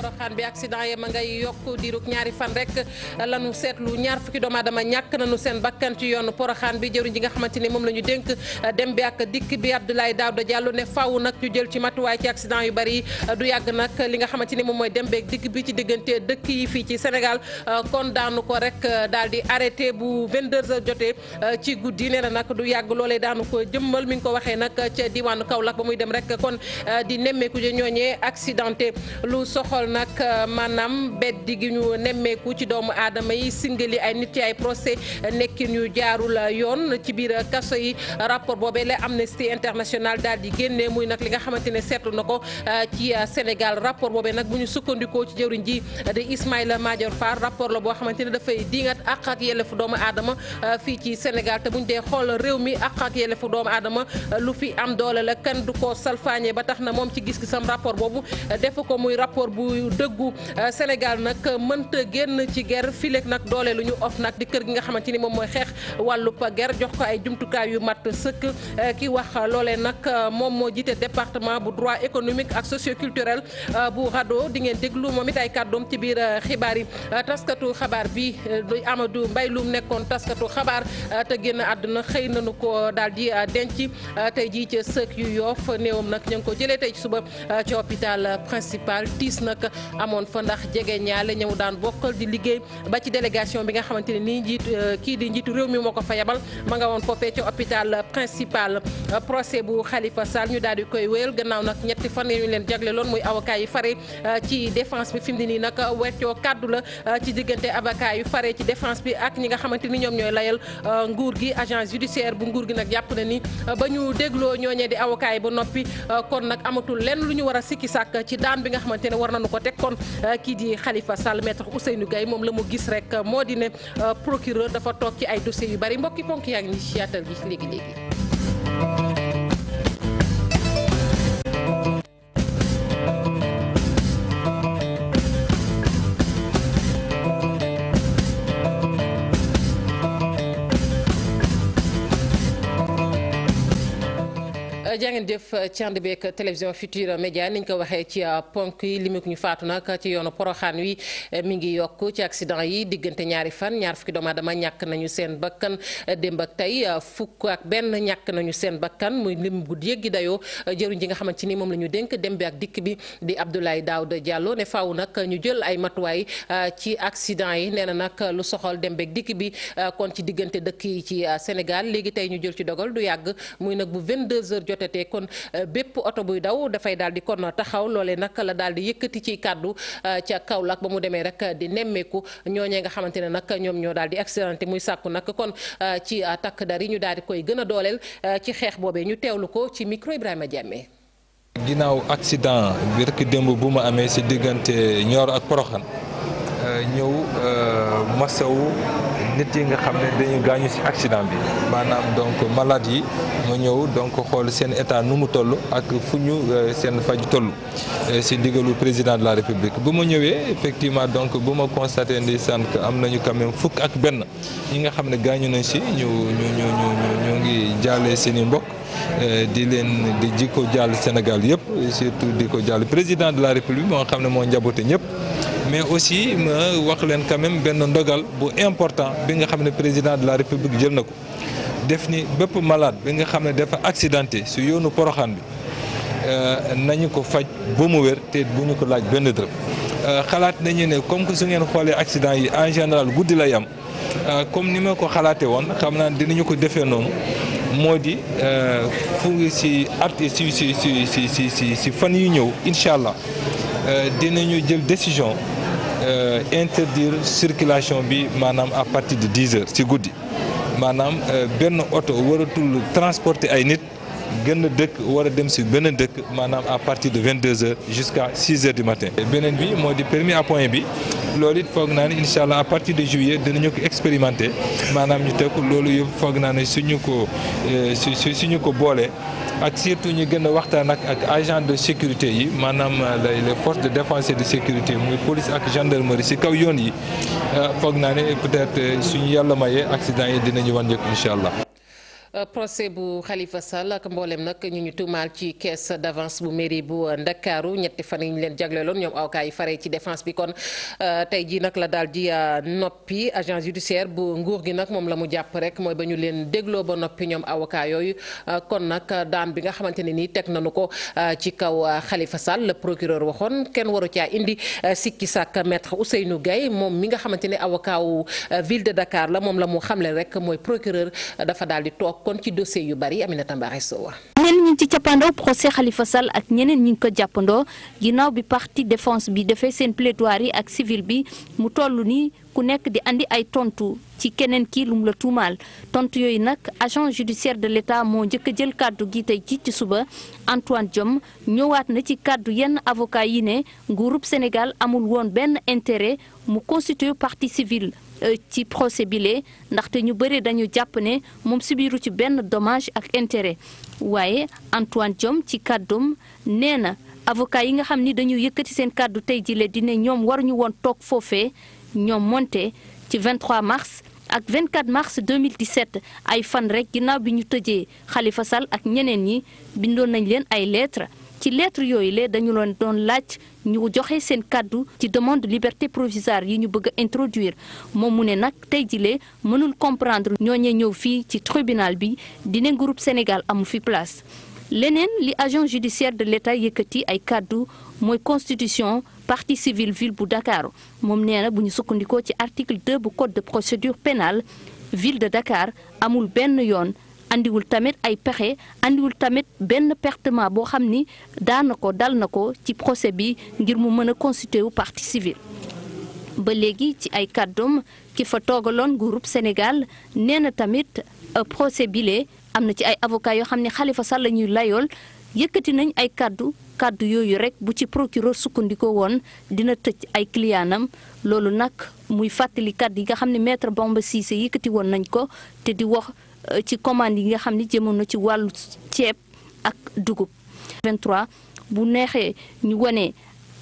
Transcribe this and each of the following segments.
poroxaan bi accident ya ma ngay yokk diirug ñaari fan rek lanu seetlu ñaar fukki doomu aadama ñàkk nañu seen bakkan ci yoonu poroxaan bi jëriñ ji nga xamante ni moom la ñu dénk dem bi ak dikk bi Abdoulaye Daouda Diallo ne faaw nag ñu jël ci matuwaay ci accident yu bari du yàgg nag li nga xamante ni moom mooy dem beeg dikk bi ci diggante dëkk yi fii ci senegal kon daanu ko rek daal di arrêté bu 22h jotee ci guddi nee nag du yàgg loolee daanu ko jëmmal mi ko waxee nag ca diwaanu Kaolack ba muy dem rek kon di nemmeeku ji nag euh, maanaam beddi gi ñu nemmeeku ci doomu aadama yi singali ay nit ci ay procès euh, nekkin yu jaarul euh, yoon ci biir kaso yi rapport boobee la Amnesty International dal di génnee muy nag li nga xamante ne seetlu na ko ci Sénégal rapport boobe nag bu ñu sukkandikoo ci jëwriñ ji di Ismaïla Madior Fall rapport la boo xamante ne dafay diingat àq ak yelleefu doomu aadama fii ci Sénégal te buñ dee xool réew mi àq ak yelleefu doomu aadama lu fi am doole la kenn du ko salfaañee ba tax na moom ci gis-gisam rapport boobu yu dëggu euh, Sénégal nag mënta génn ci guerre fileeg nag doole lu ñu of nag di kër gi nga xamante ni moom mooy xeex wàllub guerre jox ko ay jumtukaay yu mat sëkk euh, ki wax loolee nag euh, moom moo jiite département bu droit économique ak socioculturel bu RADDHO di ngeen déglu moom it ay kàddoom ci biir xibaar yi taskatu xabaar bi amadu mbay lu mu nekkoon taskatu xabaar te génn àdduna xëy nañu ko daal di denc tey jii ca sëkk yu yoof néewam nag ñu ko jëlee tey ci suba ci amoon fa ndax jege ñaale ñëw daan bokkal di liggéey ba ci délégation bi nga xamante ne nii njiit euh, kii di njiitu réew mi moo ko fa yabal ma nga woon foofee ci hôpital principal procès bu Khalifa Sall ñu daal di koy wéyal gannaaw nag ñetti fan yi ñu leen jagle loon muy avocat yi fare euh, ci défense bi fi mu nii nag weccoo kaddu la euh, ci diggante avocat yu fare ci défense bi ak ñi nga xamante ni ñoom ñooy layal nguur gi agence judiciaire bu nguur gi nag yàpp na ni ba ñu dégloo ñooñee di avocat yi ba noppi kon nag amatul lenn lu ñu war a sikki sàkk ci daan bi nga xamante ne war nañu ko teg kon euh, kii di Khalifa Sall maître Ousseynou Gaye moom la mu gis rek euh, moo di ne euh, procureur dafa toog ci ay dossiers yu bari mbokki ponk yaa ngi ni ci yaatal gi léegi léegi jaa ngeen jëf ci ànd beeg télévision Futur Média ni ko waxee ci euh, ponk yi limik ñu faatu nag ci yoonu poroxaan wi euh, mi ngi yokk ci accident yi diggante ñaari fan ñaar fukki doomu aadama ñàkk nañu seen bakkan euh, démb ak tey fukk ak benn ñàkk nañu seen bakkan muy lim bu yéggi dayoo jëruñ ji nga xamante ni moom la ñu dénk dem ak dikk bi di Abdoulaye Daouda Diallo ne faw nag ñu jël ay matuwaay ci accident yi nee na nag lu soxal dem beeg dikk bi kon ci diggante dëkk yi ci Sénégal léegi tey ñu jël ci dogal du yàgg jotee kon euh, bépp oto buy daw dafay daal di kon taxaw loole nag la daal di yëkkati ci kàddu euh, ca Kaolack ba mu demee rek di nemmeeku ñooñee nga xamante ne nag ñoom ñoo daal di accidenté muy sàkku nag kon euh, ci takk dar yi ñu daal di koy gën a dooleel ci xeex boobe ñu teewlu ko ci micro Ibrahima Diame. ginnaaw accident bi rek démb bu ma amee si diggante Nioro ak Porokhane ñëw masawu. nit yi nga xam ne dañu gaañu ci accident bi maanaam donc malade yi mu ñëw donc xool seen état nu mu toll ak fu ñu euh, seen faj toll euh, ci ndigalu président de la république bu ma ñëwee effectivement donc bu ma constaté ndeysaan que am nañu quand même fukk ak benn ñi nga xam ne gaañu nañ ci ñu ñu ñu ñu ñu ngi jaalee seeni mbokk Euh, di leen di ji ko jàll Sénégal yëpp surtout di ko jàll président de la république moo xam ne moo njaboote ñëpp mais aussi ma wax leen quand même benn ndogal bu important bi nga xam ne président de la république jël na ko def ni bépp malaat bi nga xam ne dafa accidenté su yoonu poroxaan bi euh, nañu ko faj ba mu wér te bu ñu ko laaj benn dërëm euh, xalaat nañu ne comme que su ngeen xoolee accident yi en général guddi lay am comme ni ma ko xalaatee woon xam naa dinañu ko defee noonu. moo di euh, fu si artiste si si si si si si fan yu ñëw incha allah euh, dinañu jël décision euh, interdire circulation bi maanaam à partir de dix heures si guddi maanaam benn oto waratul transporter ay nit. gën a dëkk war dem si beneen dëkk maanaam à partir de 22h jusqu'à 6h du matin. beneen bi moo di permis à point bi loolu it foog naa ne incha allah à partir de juillet dinañu ko expérimenté maanaam ñu teg loolu yëpp foog naa ne suñu ko euh, su suñu ko boolee ak surtout ñu gën a waxtaan ak ak agent de sécurité yi maanaam euh, les forces de défense et de sécurité muy police ak gendarmerie si kaw yoon yi euh, foog naa ne peut-être suñu yàlla mayee accident yi dinañu wan njëkk incha Euh, procès bu Khalifa Sall ak nag ñu ñu tuumaal ci caisse d'avance bu mairie bu euh, Ndakaaru ñetti fan yi ñu leen jagleeloon ñoom awkaay yi fare ci défense bi kon euh, tey ji nag la daal di noppi agence judiciaire bu nguur gi nag moom la mu jàpp rek mooy ba ñu leen dégloo ba noppi ñoom avocat yooyu kon nag daan bi nga xamante ne nii teg nañu ko ci kaw Khalifa Sall le procureur waxoon kenn waru caa indi sikki sàkk maître Ousseynou gay moom mi nga xamante ne avocat wu ville de Dakar la moom la mu xamle rek mooy procureur dafa daal di toog kon ci dossier yu bari Aminata Mbaare Sowa ñenn ñi ci cappaandoo procès Khalifa Sall ak ñeneen ñi ngi ko jàppandoo ginnaaw bi partie défense bi defee seen plaidoirie yi ak civil bi mu toll ni ku nekk di andi ay tontu ci keneen kii lu mu yooyu nag agent judiciaire de l'État moo njëkk a jël kàddu gi tey ci ci suba Antoine Diome ñëwaat na ci kàddu yenn avocat yi ne nguurub Sénégal amul woon benn intéret mu constitué parti civile Euh, ci procès bile ndaxte ñu bëri dañu jàpp ne moom subiru ci benn domage ak intérêt waaye Antoine Diome ci kàddum nee na avocat yi nga xam ni dañu yëkkati seen kàddu tey jile dina ñoom waruñu woon toog foofee ñoom monte ci 23 mars ak 24 mars 2017 ay fan rek ginnaaw bi ñu tëjee xalifa sal ak ñeneen ñi bindoon nañ leen ay lettres ci leetre yooyu lee dañu leen doon laaj ñu joxe seen kàddu ci demande liberté provisoire yi ñu bëgg a introduire moom mu ne nag tey ji lee mënul comprendre ñooñee ñëw fii ci tribunal bi dine groupe Sénégal amu fi place leneen li agent judiciaire de l'État yëkkati ay kàddu mooy constitution partie civile ville bu dakaaru moom nee na bu ñu sukkandikoo ci article 2 bu code de procédure pénal ville de dakaar amul benn yoon andiwul tamit ay pexe andiwul tamit benn pertement boo xam ni daana ko dal na ko ci procès bi ngir mu mën a constituer wu partie civile ba léegi ci ay kàddoom ki fa toogaloon groupe Sénégal nee na tamit euh, procès bile am na ci ay avocat yoo xam ne Khalifa Sall la ñuy layool yëkkati nañ ay kàddu kàddu yooyu rek bu ci procureur sukkandikoo woon dina tëj ay clientam loolu nag muy fàttali kàddu yi nga xam ne maître Bamba Cissé yëkkati woon nañ ko te di wax ci commande yi nga xam ni jëmoon na ci wàllu ceeb ak dugub. 23 bu neexee ñu wane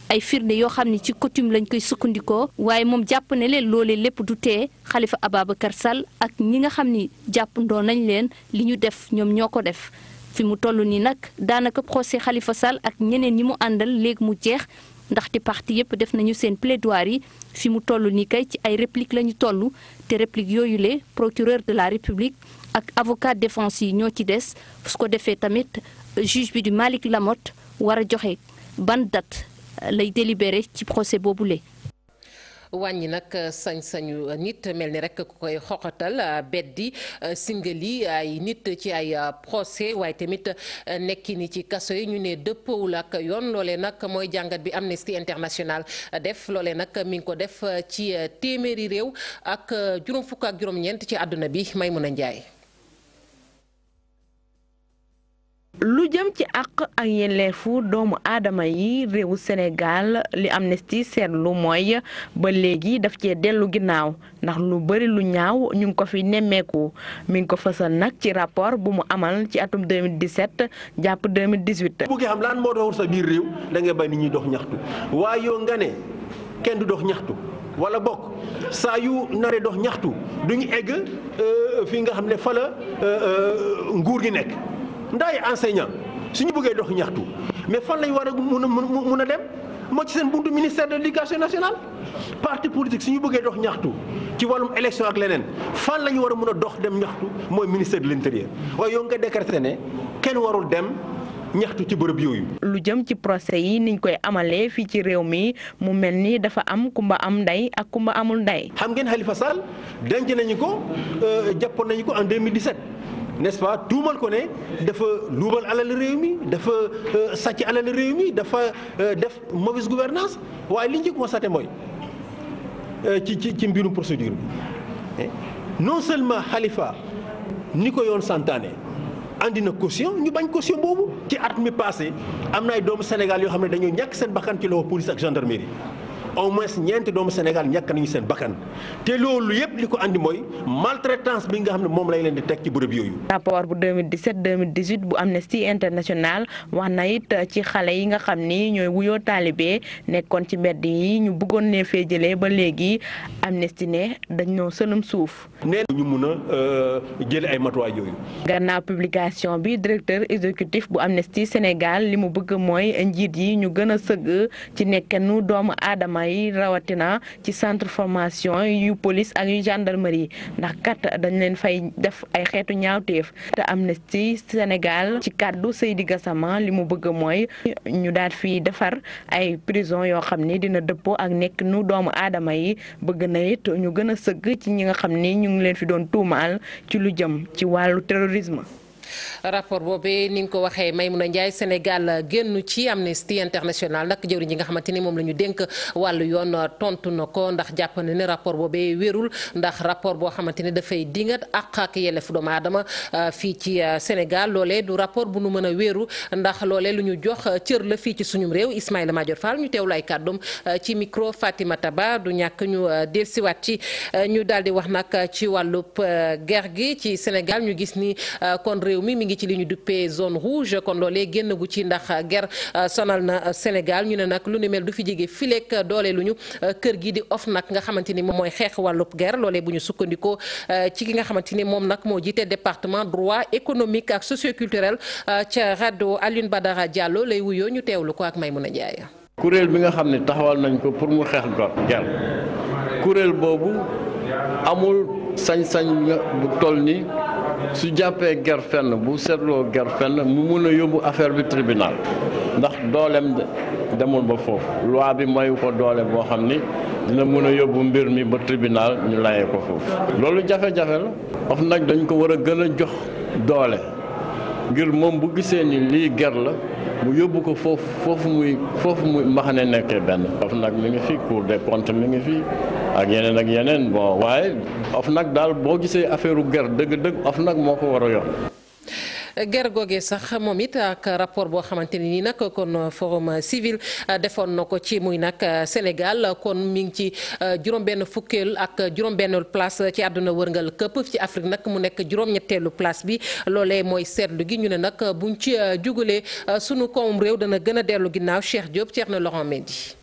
ay firnde yoo xam ni ci coutume lañ koy sukkandikoo waaye moom jàpp ne leen loole lépp du tee Khalifa Ababacar Sall ak ñi nga xam ni jàppandoo nañ leen li ñu def ñoom ñoo ko def. fi mu toll nii nag daanaka procès xalifa Sall ak ñeneen ñi mu àndal léegi mu jeex ndaxte parti yépp def nañu seen plaidoirie yi fi mu toll nii kay ci ay réplique la ñu toll te réplique yooyu le procureur de la République ak avocat défense yi ñoo ci des su ko defee tamit juge bi di Malick Lamotte war a joxe ban date euh, lay délibéré ci procès boobule. wàññi nag euh, sañ-sañu euh, nit mel ni rek ku koy xoxatal beddi singali ay nit ci ay procès waaye tamit nekki ni ci kaso yi ñu ne dëppawul ak yoon loole nag mooy jàngat bi Amnesty International def loole nag mi ngi ko def ci téeméeri réew ak juróom fukk ak juróom ci àdduna bi may Maymuna Njaay lu jëm ci àq ak yelleefu doomu aadama yi réewu Sénégal li Amnesty seetlu mooy ba léegi daf cee dellu ginnaaw ndax lu bari lu ñaaw ñu ngi ko fi nemmeeku mi ngi ko fa sa nag ci rapport bu mu amal ci atum 2017 jàpp 2018. bu bëggee xam lan moo doon sa biir réew da ngay bay nit ñi dox ñaxtu waaye yow nga ne kenn du dox ñaxtu. wala bokk saa yu naree dox ñaxtu duñu egg euh, fi nga xam ne fa la euh, euh, nguur gi nekk. ndaay enseignant suñu bëggee dox ñaxtu mais fan lañ war a mun a mun a dem moo ci seen buntu ministère de l'éducation nationale parti politique suñu bëggee dox ñaxtu ci wàllum élection ak leneen fan la ñu war a mun a dox dem ñaxtu mooy ministère de l'intérieur waaye yow nga décrété ne kenn warul dem ñaxtu ci bërëb yooyu. lu jëm ci procès yi niñ koy amalee fii ci réew mi mu mel nii dafa am kumba am nday ak kumba amul nday xam ngeen Khalifa Sall denc nañu ko euh, jàppoon nañu ko en 2017. n'est-ce tuumal ko ne dafa luubal alal réew mi dafa euh, sàcc alal réew mi dafa euh, def mauvaise gouvernance waaye li njëkk sate mooy euh, ci ci ci mbirum procédure bi eh, non seulement xalifa ni ko yoon santaane andi na caution ñu bañ caution boobu ci at mi passé am na ay doomu Sénégal yoo xam ne dañoo ñàkk seen bakkan ci loxo police ak gendarmerie au moins ñeenti doomu Sénégal ñàkk nañu seen bakkan te loolu yëpp li ko andi mooy maltraitance bi nga xam ne moom lay leen di teg ci bërëb yooyu. rapport bu 2017 2018 Amnesty International wax na it ci xale yi nga xam ni ñooy wuyoo taalibe nekkoon ci mbedd yi ñu bëggoon ne fee jëlee ba léegi Amnesty ne dañ ñoo sëlum suuf. nee ñu mun a euh, jëlee ay matuwaay yooyu. gannaaw publication bi directeur exécutif bu Amnesty Sénégal li mu bëgg mooy njiit yi ñu gën a sëgg ci nekkenu doomu aadama yi rawatina ci centre formation yu police ak yu gendarmerie ndax kat dañ leen fay def ay xeetu ñaawteef te Amnesty Sénégal ci kàddu Seydi Gassama li mu bëgg mooy ñu daal fi defar ay prison yoo xam ni dina dëppoo ak nekk nu doomu aadama yi bëgg na it ñu gën a sëgg ci ñi nga xam ni ñu ngi leen fi doon tuumaal ci lu jëm ci wàllu terrorisme rapport boobee ni nga ko waxee Maimouna Ndiaye Sénégal génn ci Amnesty International nag jëwriñ ji nga xamante ni moom la ñu dénk wàllu yoon tontu na ko ndax jàpp na ne rapport boobee wérul ndax rapport boo xamante ni dafay dingat àq ak yelleef doomu aadama euh, fii ci euh, Sénégal loole du rapport bu nu mën a wéeru ndax loole lu ñu jox cër la fii ci suñum réew Ismaïla Madior Fall ñu teewlu ay kàddoom euh, ci micro Fatimata Ba du ñàkk ñu delsiwaat ci ñu daal di wax nag ci wàllub guerre gi ci Sénégal ñu gis ni réew mi mi ngi ci li ñu duppee zone rouge kon loolee génn gu ci ndax ger euh, sonal na euh, Sénégal ñu ne nag lu ni mel du fi jege fileek euh, doole lu ñu kër gi di OFNAC nga xamante ni moom mooy xeex wàllub ger loolee bu ñu sukkandikoo ci ki nga xamante ni moom nag moo jiite département droit économique ak socioculturel ca rajo Alioune Badara Diallo lay wuyoo ñu teew lu ko ak may Maymouna Ndiaye. kuréel bi nga xam ne taxawal nañ ko pour mu xeex got ger kuréel boobu amul sañ-sañ bu toll ni su jàppee ger fenn bu seetloo ger fenn mu mun a yóbbu affaire bi tribunal ndax dooleem demul ba foofu loi bi mayu ko doole boo xam ni dina mën a yóbbu mbir mi ba tribunal ñu layee ko foofu loolu jafe-jafe la nag dañ ko war a gën a jox doole ngir moom bu gisee ni lii ger la mu yóbbu ko foofu foofu muy foofu mu mbaxane nekkee benn. nag mi ngi fi Cour des comptes mi ngi fi ak yeneen ak yeneen bon waaye nag daal boo gisee affaire ger dëgg-dëgg nag moo ko war a yor. ger googee sax moom it ak rapport boo xamante ne nii nag kon forum civil euh, defoon na ko ci muy nag euh, Sénégal kon mi ngi ci euh, juróom-benn fukkeel ak juróom-benn place ci àdduna wërngal këpp ci Afrique nag mu nekk juróom-ñetteelu place bi loolee mooy seetlu gi ñu ne nag buñ ci jugalee sunu koom réew dana gën a dellu ginnaaw Cheikh Diop Thierno Laurent Mendy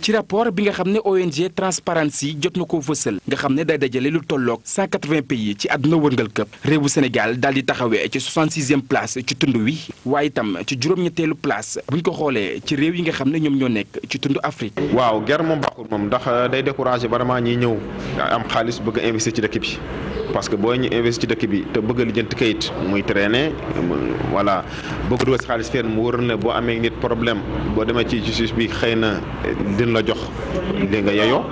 ci rapport bi nga xam ne ONG Transparency jot na ko fësal nga xam ne day dajale lu tolloog 180 pays ci àdduna wërngal këpp réewu Sénégal daal di taxawee ci 66e place ci tund wi waaye itam ci juróom-ñetteelu place bu ñu ko xoolee ci réew yi nga xam ne ñoom ñoo nekk ci tund Afrique. waaw ger moom baaxul moom ndax day découragé vraiment ñiy ñëw am xaalis bëgg a investir ci dëkk bi. parce que boo ñu investi ci dëkk bi te bëgg a lijjanti kayit muy traîner voilà bëgg dugal si xaalis fenn mu wóor na boo amee nit problème boo demee ci justice bi xëy na dina la jox li nga yeyoo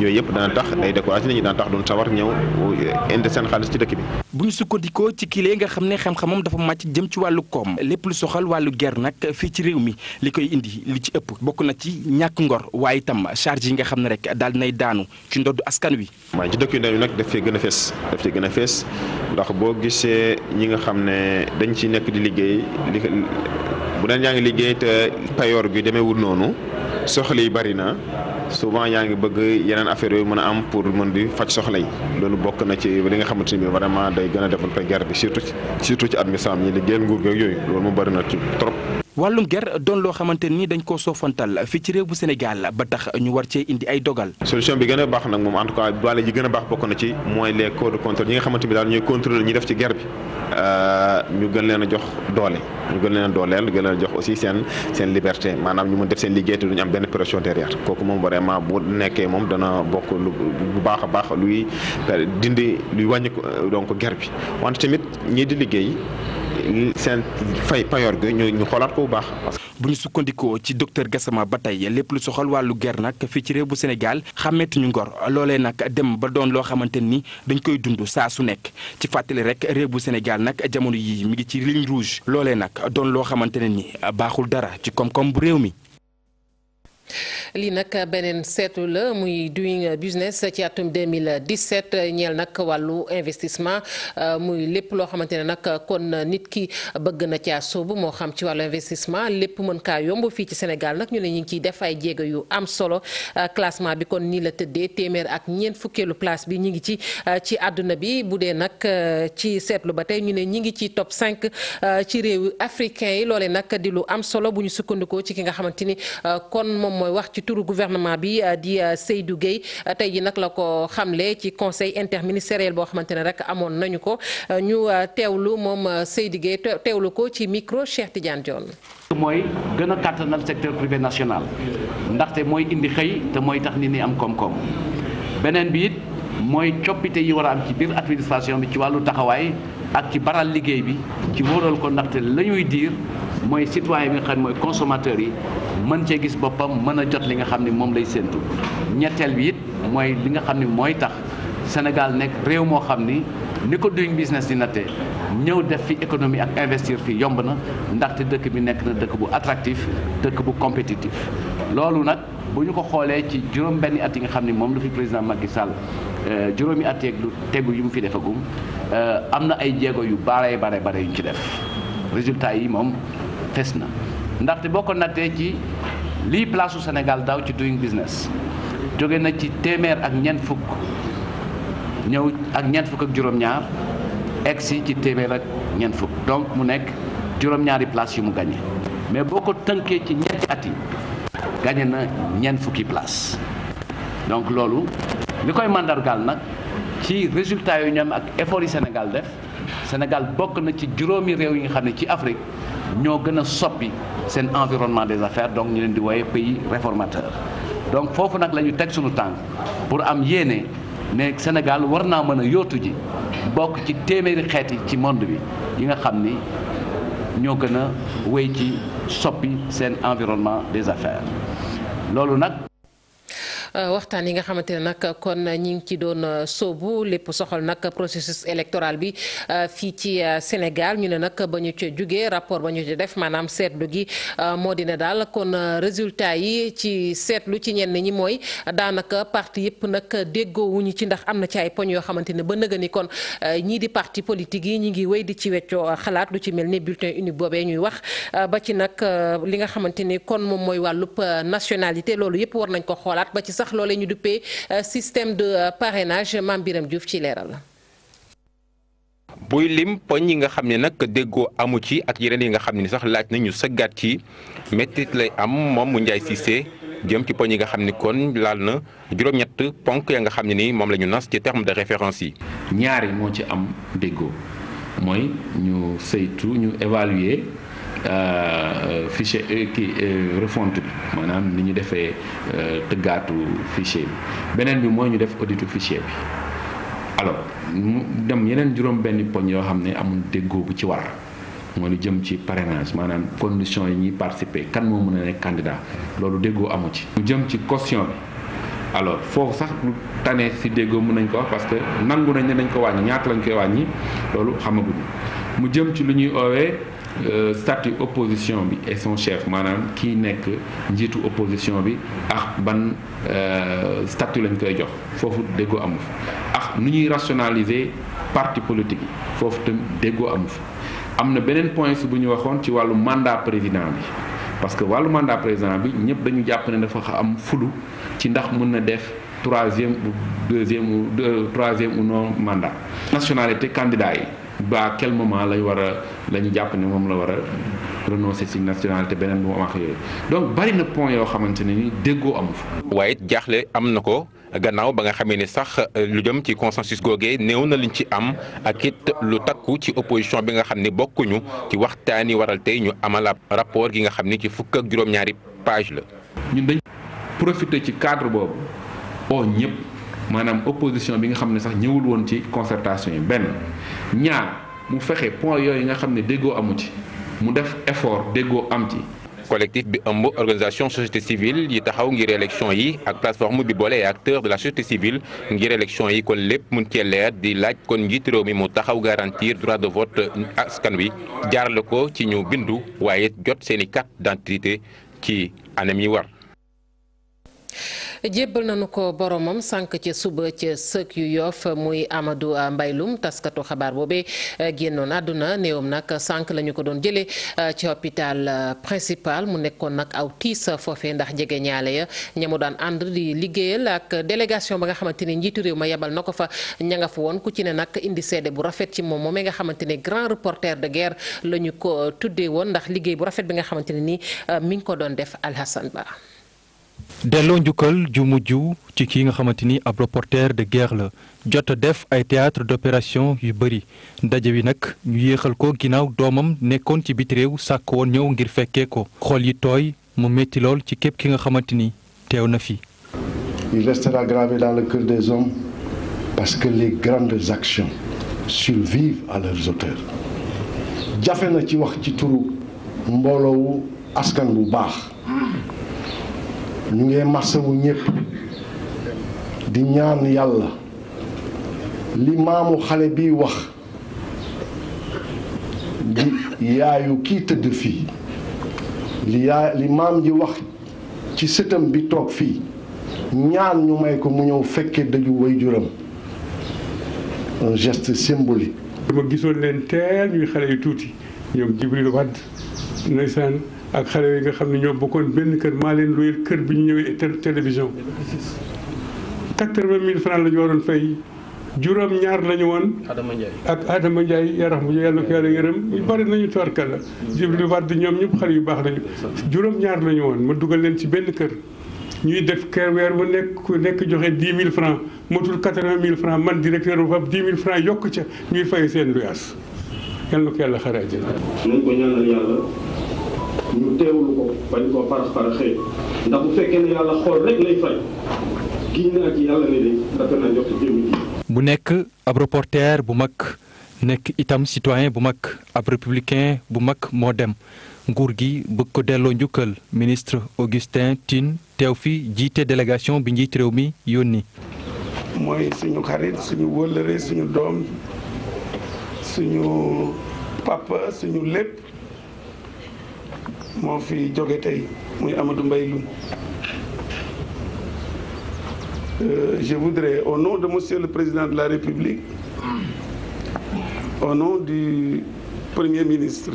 yooyu yëpp dana tax day découragé nit ñi dana tax duñ sawar ñëw indi seen xaalis ci dëkk bi. bu ñu sukkandikoo ci kile nga xam ne xam-xamam dafa màcc jëm ci wàllu koom lépp lu soxal wàllu ger nag fii ci réew mi li koy indi li ci ëpp bokk na ci ñàkk ngor waaye itam charge yi nga xam ne rek daal dinay daanu ci ndoddu askan wi. waaye ci dëkk yu ndaw yi nag daf fee gën a gën a fees ndax boo gisee ñi nga xam ne dañ ci nekk di liggéey bu dee yaa ngi liggéey te payoor bi demeewul noonu soxla yi bari na souvent yaa ngi bëgg yeneen affaire yooyu mën a am pour mën di faj soxla yi loolu bokk na ci li nga xamante ni bi vraiment day gën a développé guerre bi surtout surtout ci administration ñi liggéeyal nguur gi yooyu loolu mu bari na ci trop. wàllum ger doon loo xamante ni dañ koo soofantal fii ci réew bu Sénégal ba tax ñu war cee indi ay dogal. solution bi gën a baax nag moom en tout cas doole ji gën a baax bokk na ci mooy les corps de contrôle ñi nga xamante euh, ñu gën leen a jox doole ñu gën leen a dooleel gën a jox aussi seen seen liberté maanaam ñu mën def seen liggéey te duñu am benn pression derrière kooku moom vraiment bu nekkee moom dana bokk lu bu baax a baax luy dindi luy wàññi donc ger bi wante tamit ñii di liggéey seen fay payoor gi ñu ñu xoolaat ko bu baax. bu ñu sukkandikoo ci docteur Gassama ba tey lépp lu soxal wàllu ger nag fii ci réew bu Sénégal xàmmeetuñu ngor loolee nag dem ba doon loo xamante ni dañ koy dund saa su nekk ci fàttali rek réew bu Sénégal nag jamono yii mi ngi ci ligne rouge loolee nag doon loo xamante ne ni baaxul dara ci koom-koom bu réew mi. lii nag beneen seetu la muy doing business ci atum 2017 ñeel nag wàllu investissement euh, muy lépp loo xamante ne nag kon nit ki bëgg na caa sóobu moo xam ci wàllu investissement lépp mën kaa yomb fii ci Sénégal nag ñu ne ñu ngi ciy def ay jéego yu am solo euh, classement bi kon nii la tëddee téeméer ak ñeent fukkeelu place bi ñu ngi ci euh, ci àdduna bi bu dee nag ci seetlu ba tey ñu ne ñi ngi ci top cinq ci réew africain yi loole nag di lu am solo bu ñu sukkandikoo ci ki nga xamante ni moom mooy wax ci turu gouvernement bi euh, di euh, Seydou Guèye euh, tey ji nag la ko xamle ci conseil interministériel boo xamante ne rek amoon nañu ko ñu teewlu moom Seydou Guèye teewlu ko ci micro Cheikh Tidiane Dione. mooy gën a kàttanal secteur privé national ndaxte mooy indi xëy te mooy tax nit ñi am koom-koom beneen bi it mooy coppite yi war a am ci biir administration bi ci wàllu taxawaay ak ci baral liggéey bi ci wóoral ko ndaxte la diir. mooy citoyen bi nga xam ne mooy consomateur yi mën cee gis boppam mën a jot li nga xam ne moom lay séentu ñetteel bi it mooy li nga xam ne mooy tax Sénégal nekk réew moo xam ni ni ko doing business di nattee ñëw def fi économie ak investir fi yomb na ndaxte dëkk bi nekk na dëkk bu attractif dëkk bu compétitif loolu nag bu ñu ko xoolee ci juróom benni at yi nga xam ni moom la fi président Macky Sall euh, juróomi at yeeg lu tegu yu mu fi defagum euh, am na ay jéego yu bare bare bare yu ci def résultat yi moom fes na ndaxte boo ko nattee ci lii place su Sénégal daaw ci doing business jóge na ci téeméer ak ñeent fukk ñëw ak ñeent fukk ak juróom-ñaar egsi ci téeméer ak ñeent fukk donc mu nekk juróom-ñaari place yu mu gagné mais boo ko tënkee ci ñeenti at yi gagné na ñeent fukki place donc loolu li koy mandargaal nag ci résultat yu ñoom ak effort yi Sénégal def senegal bokk na ci juróomi réew yi nga xam ne ci Afrique ñoo gën a soppi seen environnement des affaires donc ñu leen di wooye pays réformateur donc foofu nag la ñu teg suñu tànk pour am yéene ne Sénégal war naa mën a yootu ji bokk ci téeméeri xeet yi ci monde bi yi nga xam ni ñoo gën a wéy ci soppi seen environnement des affaires loolu nag Euh, waxtaan yi nga xamante ne nag kon ñi ngi ci doon euh, soobu lépp soxal nag processus électoral bi euh, fii ci Sénégal ñu ne nag ba ñu ci jugee rapport ba ñu ci def maanaam seetlu gi moo dina daal kon résultat yi ci seetlu ci ñenn ñi mooy daanaka parti yëpp nag déggoowuñu ci ndax am na ci ay poñ yoo xamante ne ba nëga kon ñii di parti politique yi ñi ngi wéy di ci weccoo xalaat lu ci mel ni bulletin unique boobee ñuy wax ba ci nag li nga xamante ni kon moom mooy wàllub nationalité loolu yëpp war nañ ko xoolaat sax loolee ñu duppee euh, système de euh, parrainage Mame Biram Diouf ci la buy lim poñ yi nga xam ne nag déggoo amu ci ak yeneen yi nga xam ni sax laaj na ñu sëggaat ci méttit lay am moom mu Ndiaye Cissé jëm ci poñ yi nga xam ni kon laal na juróom-ñett ponk ya nga xam ne ni moom la ñu nas ci terme de référence yi. ñaari moo ci am déggoo mooy ñu saytu ñu évaluer Euh, fichier euh, ki euh, refonte bi maanaam ni ñu defee tëggaatu fichier bi beneen bi mooy ñu def auditu fichier bi alors mu dem yeneen juróom benn poñ yoo xam ne amul déggoo bu ci war moo lu jëm ci parrainage maanaam condition yi ñuy participer kan moo mën a nekk candidat loolu déggoo amu ci mu jëm ci costion bi alors foofu sax lu tane si déggoo mun nañ ko wax parce que nangu nañ ne nañ ko wàññi ñaata lañ koy wàññi loolu xamaguñu mu jëm ci lu ñuy oowee Euh, statut opposition bi e son chef maanaam kii nekk njiitu opposition bi ak ban euh, statut lañ koy jox foofu déggoo amu fa ak nu ñuy rationaliser parti politique yi foofu itam déggoo amu fa am na beneen poince bu ñu waxoon ci wàllu mandat président bi parce que wàllu mandat président bi ñëpp dañu jàpp ne dafa am fulu ci ndax mën na def troisième bu deuxième ou euh, troisième ou non mandat nationalité candidat yi ba quel moment lay war a la ñu jàpp ne moom la wara a renoncer ci nationalité beneen bu mu amax yooyu donc bari na point yoo xamante ne ni déggoo amu fa. waaye it jaaxle am na ko gannaaw ba nga xamee ne sax lu jëm ci consensus googee néew na luñ ci am ak it lu takku ci opposition bi nga xam ni bokkuñu ci waxtaan yi waral tey ñu amal rapport gi nga xam ne ci fukk ak juróom-ñaari page la. ñu dañ profité ci cadre boobu oo ñëpp. maanaam opposition bi nga xam ne sax ñëwul woon ci concertation yi benn ñaar mu fexe point yooyu nga xam ne déggoo amu ci mu def effort déggoo am ci. collectif bi ëmb organisation société civile yi taxaw ngir élection yi ak plateforme bi boole acteur de la société civile ngir élection yi kon lépp mun cee leer di laaj kon njiit réew mi mu taxaw garantir droit de vote askan wi jaarale ko ci ñu bindu waaye jot seeni carte d'identité ci anam yi war. jébbal nañu ko boromam sànq ca suba ca sëk yu yoof muy Amadou Mbaylum taskatu xabaar boobee eh, génnoon àdduna néewam nag sànq la ñu ko doon jëlee eh, ci hôpital eh, principal mu nekkoon nag aw tiis foofee ndax jege ñaale ya ñamu daan ànd di liggéeyal ak délégation ba nga xamante ni njiitu réew ma yebal na ko fa ña nga fa woon ku ci ne nag indi seede bu rafet ci moom moomee nga xamante ne grand reporter de guerre la ñu ko tuddee woon ndax liggéey bu rafet bi nga xamante ne ni mi ngi ko doon def Alhassane Ba delloo njukkal ju mujj ci ki nga xamante ni ab reporter de guerre la jot a def ay théâtre d'opération yu bari ndaje bi nag ñu yéexal ko ginnaaw doomam nekkoon ci biti réew sàkk woon ñëw ngir fekkee ko xol yi tooy mu metti lool ci képp ki nga xamante ni teew na fi. il restera gravé dans le des hommes parce que les grandes actions survivent à leurs auteurs jafe na ci wax ci turu mbooloowu askan bu baax. ñu ngi marché wu ñëpp di ñaan yàlla li maamu xale bi wax di yaayu kii tëdd fii li yaa li maam ji wax ci sëtam bi toog fii ñaan ñu may ko mu ñëw fekkee daju waajuram un geste symbolique. ma gisoon leen teel ñuy xale yu tuuti ñoom Jibril Wade ndeysaan ak xale yi nga xam ne ñoo bokkoon benn kër maa leen luyeel kër bi ñu ñëwee télévision quatre-vingt mille francs la ñu waroon fay juróom ñaar lañu woon ak Adama Ndiaye yarax mu yàlla ko yàlla yërëm ñu bari nañu tuwarkal la Jibril Wade ñoom ñëpp xare yu baax lañu juróom ñaar lañu woon ma dugal leen ci benn kër ñuy def kër weer bu nekk ku nekk joxe dix mille francs motul quatre-vingt mille francs man directeur bu fab dix mille francs yokk ca ñuy fay seen luyaas yàlla ko yàlla xare àjjana nañ ñu bu nekk ab reporter bu mag nekk itam citoyen bu mag ab républicain bu mag moo dem nguur gi bëgg ko delloo njukkal ministre Augustin Tine teew fi jiite délégation bi njiit réew mi yónni mooy suñu xarit suñu wëllëre suñu doom suñu papa suñu lépp moo fi jóge tey muy Amadou Mbaye Loum euh, je voudrais au nom de monsieur le président de la République au nom du premier ministre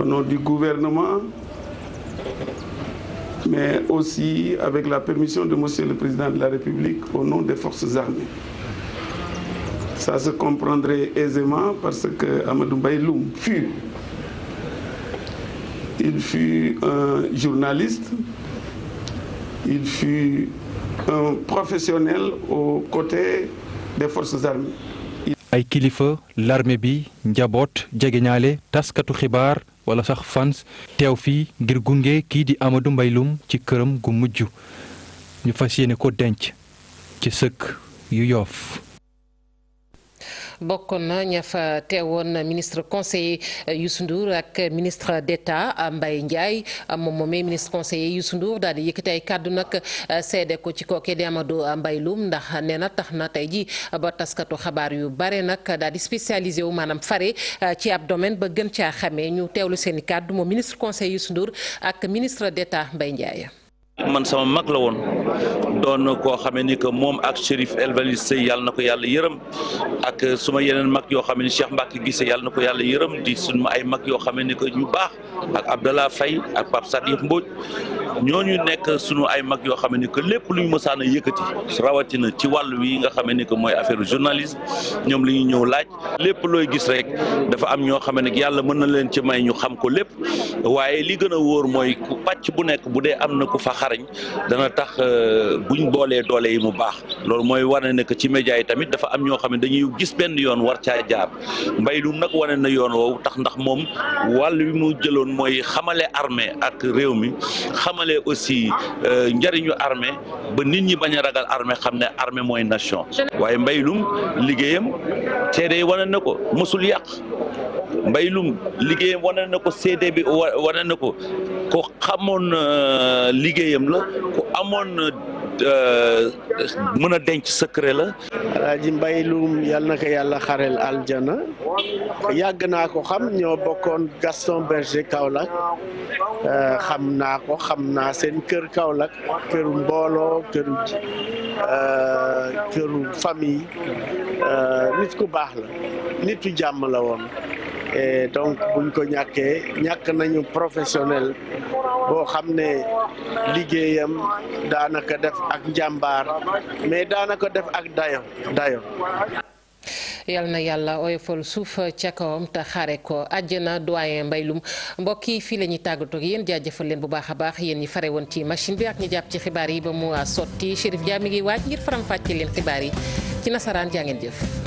au nom du gouvernement mais aussi avec la permission de monsieur le président de la République au nom des forces armées ça se comprendrait aisément parce que Amadou Mbaye Loum fut Il fut un journaliste, il fut un professionnel aux côtés des forces armées. ay kilifa l'armée bi njaboot jegeñaale taskatu xibaar wala sax fans teew fii ngir gunge kii di Amadou Mbaye Loum ci këram gu mujj ñu fas yéene ko denc ci sëkk yu yoof bokkoon na ña fa teewoon ministre conseiller euh, Youssou Ndour ak ministre d'État euh, mbay Ndiaye euh, moom moomee ministre conseiller yu Ndour daal di yëkkati ay kàddu nag seede ko ci kooke di mbay Mbaye ndax nee na tax na tey ji ba taskatu xabaar yu bare nag daal di spécialisé wu maanaam fare ci ab domaine ba gën caa xamee ñu teewlu seen i kàddu moom ministre conseiller Youssou Ndour ak ministre d'État mbay Ndiaye. man sama mag la woon doon koo xame ni que moom ak Chérif El se Sey na ko yàlla yërëm ak suma yeneen mag yoo xam ne Cheikh Mbacke Guissé yàlla na ko yàlla yërëm di sunu ay mag yoo xam ne que ñu baax ak Abdallah Faye ak Pape Sadikh Mbodj ñooñu nekk sunu ay mag yoo xam ne que lépp lu ñu mësaan a yëkkati rawatina ci wàll wi nga xam ne que mooy affaire journalisme ñoom li ñu ñëw laaj lépp looy gis rek dafa am ñoo xam ne yàlla mën na leen ci may ñu xam ko lépp waaye li gën a wóor mooy pàcc bu nekk bu dee am na ku fa xarañ dana tax euh, buñ boolee doole yi mu baax loolu mooy wane ne que ci média yi tamit dafa am ñoo xam ne dañuy gis benn yoon war caa jaar mbay lu nag wane na yoon woowu tax ndax moom wàll wi mu jëloon mooy xamale armée ak réew mi xamalee aussi euh, njëriñu armée ba nit ñi bañ a ragal armée xam ne armée mooy nation waaye mbaylum liggéeyam seede yi wane na ko mësul yàq mbaylum liggéeyam wane na ko seede bi wane na ko ko xamoon euh, liggéeyam la ko amoon Euh, mën a denc secret la. alaaji mbay luum yal na ko yàlla xarel aljana yàgg naa ko xam ñoo bokkoon Gaston Berger Kaolack euh, xam naa ko xam naa seen kër Kaolack këru mbooloo këru euh, këru famille nit ku baax la nitu jàmm la woon et donc buñ ko ñàkkee ñàkk nañu professionnel. boo xam ne liggéeyam daanaka def ak njàmbaar mais daanaka def ak dayo dayo yal na yàlla oyofal suuf ca kawam te xaare ko àjjana doyen mbaylum mbokk yi fii la ñuy tàggatoo ak yéen jaajëfal leen bu baax a baax yen ñi fare woon ci machine bi ak ñi jàpp ci xibaar yi ba mu sotti Chérif Dia mi ngi waaj ngir faram-fàcce leen xibaar yi ci nasaraan jaa jëf.